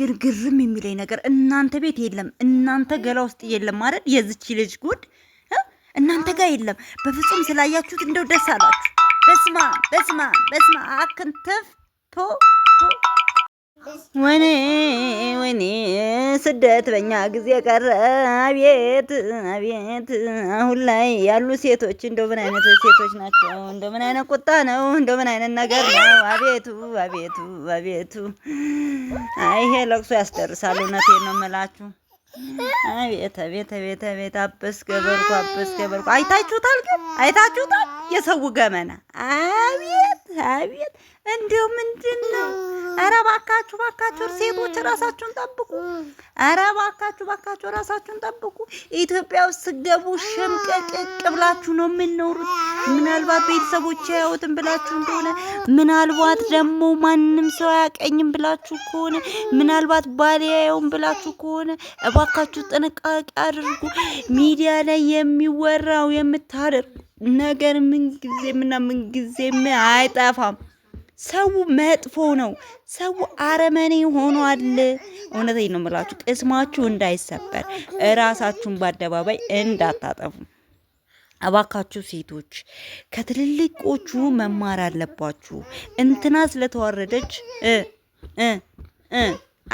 ግን ግርም የሚለኝ ነገር እናንተ ቤት የለም፣ እናንተ ገላ ውስጥ የለም ማለት የዝቺ ልጅ ጉድ እናንተ ጋር የለም በፍጹም። ስላያችሁት እንደው ደስ አላችሁ። በስማ በስማ በስማ አክንተፍ ቶ ወኔ ወኔ ስደት በእኛ ጊዜ ቀረ። አቤት አቤት! አሁን ላይ ያሉ ሴቶች እንደው ምን አይነት ሴቶች ናቸው? እንደው ምን አይነት ቁጣ ነው? እንደው ምን አይነት ነገር ነው? አቤቱ አቤቱ አቤቱ! አይ ይሄ ለቅሶ ያስደርሳል። እውነቴን ነው የምላችሁ። አቤት አቤት አቤት አቤት! አበስ ገበርኩ አበስ ገበርኩ። አይታችሁታል ግን አይታችሁታል የሰው ገመና አቤት አቤት! እንዲው ምንድን ነው? ኧረ እባካችሁ እባካችሁ ሴቶች ራሳችሁን ጠብቁ። አረ ባካችሁ ባካችሁ ራሳችሁን ጠብቁ። ኢትዮጵያ ውስጥ ስገቡ ሽምቅቅቅ ብላችሁ ነው የምንኖሩት። ምናልባት ቤተሰቦች ያዩትን ብላችሁ እንደሆነ ምናልባት ደግሞ ማንም ሰው አያቀኝም ብላችሁ ከሆነ ምናልባት ባል ያየውን ብላችሁ ከሆነ እባካችሁ ጥንቃቄ አድርጉ። ሚዲያ ላይ የሚወራው የምታደርጉ ነገር ምንጊዜም ምን ምንጊዜም አይጠፋም። ሰው መጥፎ ነው። ሰው አረመኔ ሆኗል። እውነቴን ነው የምላችሁ። ቅስማችሁ እንዳይሰበር እራሳችሁን በአደባባይ እንዳታጠፉ እባካችሁ ሴቶች ከትልልቆቹ መማር አለባችሁ። እንትና ስለተዋረደች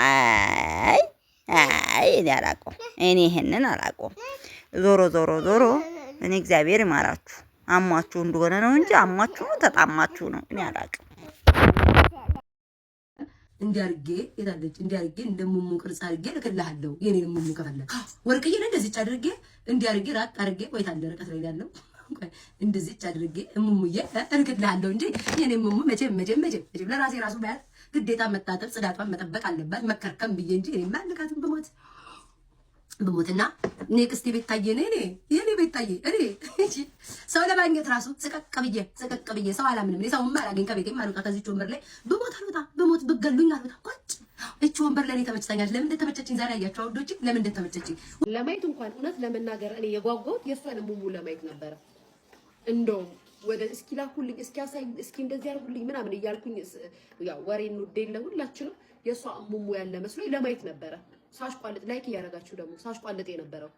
አይ አይ እኔ እኔ ይሄንን አላውቀውም። ዞሮ ዞሮ ዞሮ እኔ እግዚአብሔር ይማራችሁ። አሟችሁ እንደሆነ ነው እንጂ አሟችሁ ነው ተጣማችሁ ነው እኔ አላውቅም። እንዲያርጌ የታለች እንዲያርጌ እንደሙሙ ቅርጽ አርጌ ልክልሃለሁ። የኔን ሙሙ ከፈለግ ወርቅዬ እንደዚች አድርጌ እንዲያርጌ ራቅ አድርጌ ቆይታ እንደ ርቀት ላይ ያለው እንደዚች አድርጌ እሙሙዬ እልክልሃለሁ እንጂ የኔ ሙሙ መቼም መቼም መቼም መቼም ለራሴ ራሱ ባያት ግዴታ መታጠብ ጽዳቷን መጠበቅ አለባት መከርከም ብዬ እንጂ እኔማ ልካትን በሞት ብሞትና ኔክስት ቤታዬ ነ ይህኔ ቤታዬ እኔ ሰው ለማግኘት ራሱ ስቀቅ ብዬ ስቀቅ ብዬ ሰው አላምንም። ሰው አላገኝ ከቤቴ አልወጣ ከዚች ወንበር ላይ ብሞት አልወጣ ብሞት ብገሉኝ አልወጣ ቆጭ እች ወንበር ላይ ተመችታኛል። ለምን እንደተመቸችኝ ዛሬ አያቸው አውዶች ለምን እንደተመቸችኝ ለማየት እንኳን እውነት ለመናገር እኔ የጓጓሁት የእሷን ሙሙ ለማየት ነበረ። እንደውም ወደ እስኪ ላኩልኝ እስኪ ያሳይ እስኪ እንደዚህ ያርጉልኝ ምናምን እያልኩኝ ያው ወሬ እንውዴ ለሁላችንም የእሷ ሙሙ ያለ መስሎኝ ለማየት ነበረ ሳሽቋልጥ ላይክ እያደረጋችሁ ደግሞ ሳሽቋልጥ የነበረው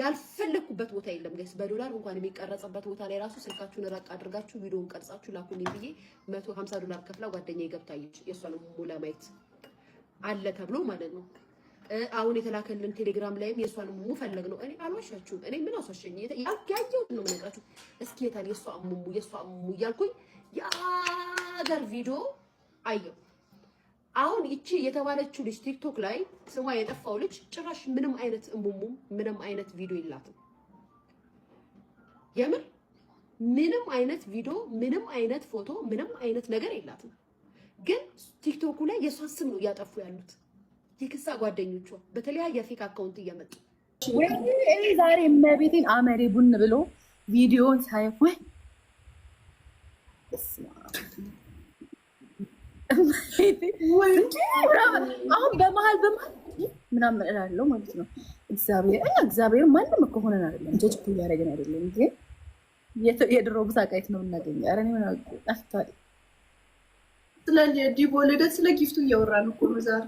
ያልፈለግኩበት ቦታ የለም ጋይስ። በዶላር እንኳን የሚቀረጽበት ቦታ ላይ ራሱ ስልካችሁን ራቅ አድርጋችሁ ቪዲዮውን ቀርጻችሁ ላኩልኝ ብዬ 150 ዶላር ከፍላ ጓደኛዬ ገብታየች የእሷን ሙላ ማየት አለ ተብሎ ማለት ነው። አሁን የተላከልን ቴሌግራም ላይም የእሷን ሙሙ ፈለግ ነው። እኔ አልዋሻችሁም። እኔ ምን አስዋሸኝ? ያየሁት ነው የምነግራችሁ። እስኪ የታል የእሷ ሙሙ የእሷ ሙሙ እያልኩኝ የአገር ቪዲዮ አየሁ። አሁን ይቺ የተባለችው ልጅ ቲክቶክ ላይ ስሟ የጠፋው ልጅ ጭራሽ ምንም አይነት እሙሙም ምንም አይነት ቪዲዮ የላትም። የምር ምንም አይነት ቪዲዮ፣ ምንም አይነት ፎቶ፣ ምንም አይነት ነገር የላትም። ግን ቲክቶኩ ላይ የእሷን ስም ነው እያጠፉ ያሉት የክሳ ጓደኞቿ በተለያየ ፌክ አካውንት እየመጡ ወይ ዛሬ እመቤቴን አመሬ ቡን ብሎ ቪዲዮን ሳይ አሁን በመሀል በመሀል ምናምን እላለሁ ማለት ነው። እግዚአብሔር እና እግዚአብሔር ማንም እኮ ሆነን አይደለም፣ ጀጅ እኮ እያደረግን አይደለም። ግን የድሮ ብሳቃይት ነው እናገኘ ረ ጠፍቷል። ስለ ዲቦ ልደት ስለ ጊፍቱ እያወራን እኮ ነው ዛሬ።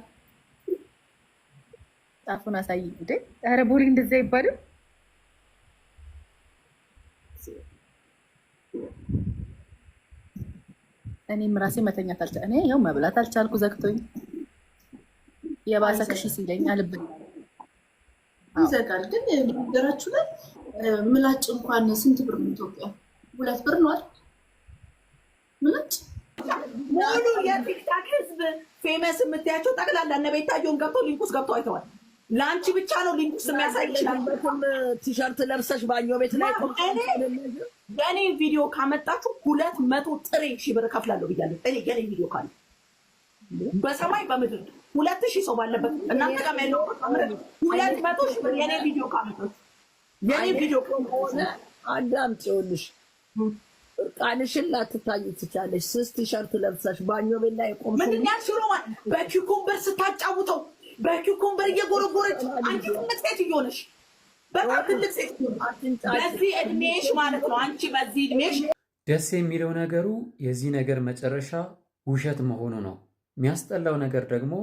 ጣፉን አሳይ እንዴ! ረ ቦሪ እንደዚያ ይባልም እኔም ራሴ መተኛት አልቻ እኔ ይኸው መብላት አልቻልኩ ዘግቶኝ የባሰ ክሽ ሲለኝ አልብኝ ይዘጋል። ግን ነገራችሁ ላይ ምላጭ እንኳን ስንት ብር ነው? ኢትዮጵያ ሁለት ብር ነው አይደል? ምላጭ ሙሉ የቲክታክ ህዝብ ፌመስ የምትያቸው ጠቅላላ እነ ቤታየውን ገብቶ ሊንኩስ ገብቶ አይተዋል። ለአንቺ ብቻ ነው ሊንክስ የሚያሳይችበትም ቲሸርት ለብሰሽ ባኞ ቤት ላይ የእኔ ቪዲዮ ካመጣችሁ ሁለት መቶ ጥሬ ሺ ብር ከፍላለሁ ብያለሁ። እኔ የእኔ ቪዲዮ ካለ በሰማይ በምድር ሁለት ሺህ ሰው ባለበት እናንተ ጋር ያለው ሁለት መቶ ሺ ብር የእኔ ቪዲዮ ካመጣችሁ የእኔ ቪዲዮ ከሆነ አዳም ጽዮልሽ እርቃንሽን ላትታይ ትቻለሽ። ስስ ቲሸርት ለብሰሽ ባኞ ቤት ላይ ቆም ምንድን ያልሽሮ በኪኩምበር ስታጫውተው በኪኩምበር እየጎረጎረች አንቺ ትልቅ ሴት እየሆነሽ በጣም ትልቅ ሴት በዚህ እድሜሽ ማለት ነው። አንቺ በዚህ እድሜሽ ደስ የሚለው ነገሩ የዚህ ነገር መጨረሻ ውሸት መሆኑ ነው። የሚያስጠላው ነገር ደግሞ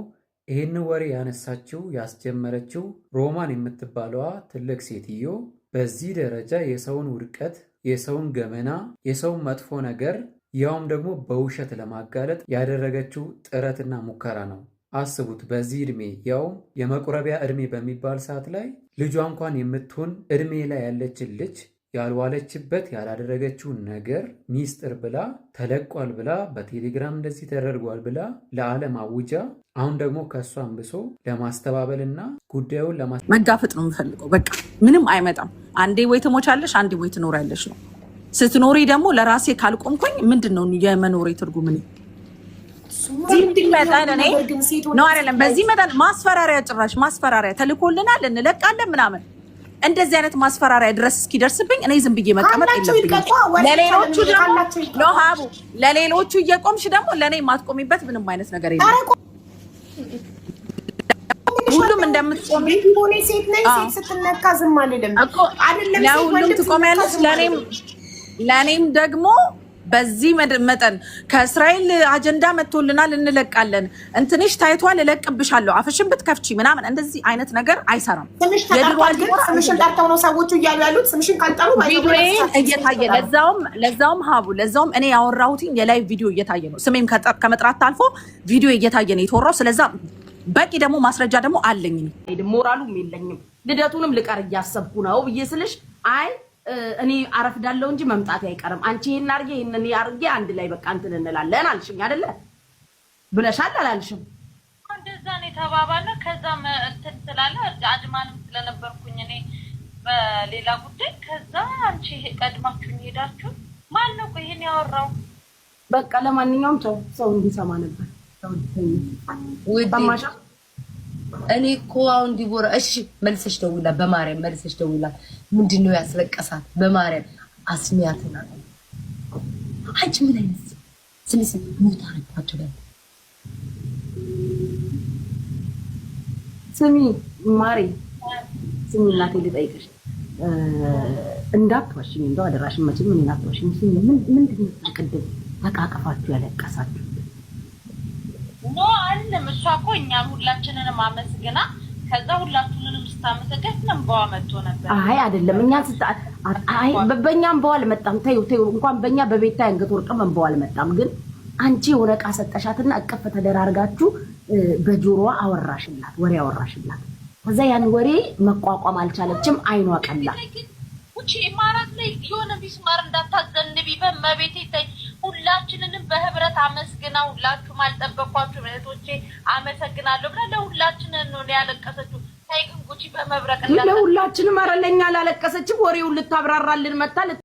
ይህን ወሬ ያነሳችው ያስጀመረችው ሮማን የምትባለዋ ትልቅ ሴትዮ በዚህ ደረጃ የሰውን ውድቀት፣ የሰውን ገመና፣ የሰውን መጥፎ ነገር ያውም ደግሞ በውሸት ለማጋለጥ ያደረገችው ጥረትና ሙከራ ነው። አስቡት በዚህ እድሜ ያውም የመቁረቢያ እድሜ በሚባል ሰዓት ላይ ልጇ እንኳን የምትሆን እድሜ ላይ ያለችን ልጅ ያልዋለችበት ያላደረገችውን ነገር ሚስጥር ብላ ተለቋል ብላ በቴሌግራም እንደዚህ ተደርጓል ብላ ለዓለም አውጃ፣ አሁን ደግሞ ከእሷን ብሶ ለማስተባበልና ጉዳዩን መጋፈጥ ነው የምፈልገው። በቃ ምንም አይመጣም። አንዴ ወይ ትሞቻለሽ፣ አንዴ ወይ ትኖሪያለሽ ነው። ስትኖሪ ደግሞ ለራሴ ካልቆምኩኝ ምንድን ነው የመኖሬ ትርጉም? በዚህ መጠን አይደለም፣ በዚህ መጠን ማስፈራሪያ ጭራሽ ማስፈራሪያ ተልኮልናል እንለቃለን ምናምን እንደዚህ አይነት ማስፈራሪያ ድረስ እስኪደርስብኝ እኔ ዝም ብዬ መቀመጥ የለብኝም። ለሌሎቹ ደግሞ ሀቡ ለሌሎቹ እየቆምሽ ደግሞ ለእኔ የማትቆሚበት ምንም አይነት ነገር የለም። ሁሉም እንደምትቆሚ ሴት ነኝ። ሴት ስትነካ ዝም አልልም። ለሁሉም ትቆሚያለሽ። ለእኔም ደግሞ በዚህ መጠን ከእስራኤል አጀንዳ መጥቶልናል እንለቃለን፣ እንትንሽ ታይቷል እለቅብሻለሁ፣ አፍሽን ብትከፍቺ ምናምን እንደዚህ አይነት ነገር አይሰራም። ስምሽን ጠርተው ነው ሰዎቹ እያሉ ያሉት። ስምሽን ካልጠሩ ቪዲዮዬን እየታየ ለዛውም ለዛውም ሀቡ ለዛውም እኔ ያወራሁትኝ የላይቭ ቪዲዮ እየታየ ነው። ስሜም ከመጥራት አልፎ ቪዲዮ እየታየ ነው የተወራው። ስለዛ በቂ ደግሞ ማስረጃ ደግሞ አለኝ። ሞራሉም የለኝም ልደቱንም ልቀር እያሰብኩ ነው ብዬ ስልሽ አይ እኔ አረፍዳለሁ እንጂ መምጣት አይቀርም። አንቺ ይሄን አርጌ ይሄን አርጌ አንድ ላይ በቃ እንትን እንላለን አልሽኝ አይደለ? ብለሻል አላልሽም? እንደዛ ነው ተባባለ። ከዛም እንትን ስላለ አድማንም ስለነበርኩኝ እኔ በሌላ ጉዳይ ከዛ አንቺ ቀድማችሁኝ ሄዳችሁ ማን ነው ይሄን ያወራው? በቃ ለማንኛውም ሰው ሰው እንዲሰማ ነበር ሰው እኔ እኮ አሁን ዲቦራ እሺ፣ መልሰሽ ደውላት፣ በማርያም መልሰሽ ደውላት። ምንድን ነው ያስለቀሳት? በማርያም አስሚያትና አንቺ ምን አይነት ስለዚህ ሞታ አረባቸው ላይ ስሚ ማሪ፣ ስሚ እናቴ ልጠይቅሽ፣ እንዳትዋሽኝ፣ እንደው አደራሽን መቼም እኔን አትዋሽኝ። ስሚ ምንድን ነው ቅድም ተቃቅፋችሁ ያለቀሳችሁ ኖ አይደለም። እሷ እኮ እኛን ሁላችንንም አመስግና ከዛ ሁላችንንም ስታመሰገን እንባዋ መጥቶ ነበር። አይ አይደለም፣ እኛን ስታ አይ በእኛ እንባዋ አልመጣም። ተይው ተይው፣ እንኳን በእኛ በቤታ አንገት ወርቅም እንባዋ አልመጣም። ግን አንቺ የሆነ ዕቃ ሰጠሻትና እቅፍ ተደራርጋችሁ በጆሮዋ አወራሽላት፣ ወሬ አወራሽላት። ከዛ ያን ወሬ መቋቋም አልቻለችም፣ አይኗ ቀላ። ውጪ ማራት ላይ የሆነ ቢስማር እንዳታዘንቢ በመቤቴ ተይ። ሁላችንንም በህብረት አመስግና ሁላችሁም አልጠበቁ አመሰግናለሁ ብላ ለሁላችን ነው ያለቀሰችው። ሳይቅን ጉቺ በመብረቅ ለሁላችንም፣ ኧረ ለእኛ አላለቀሰችም። ወሬውን ልታብራራልን መታ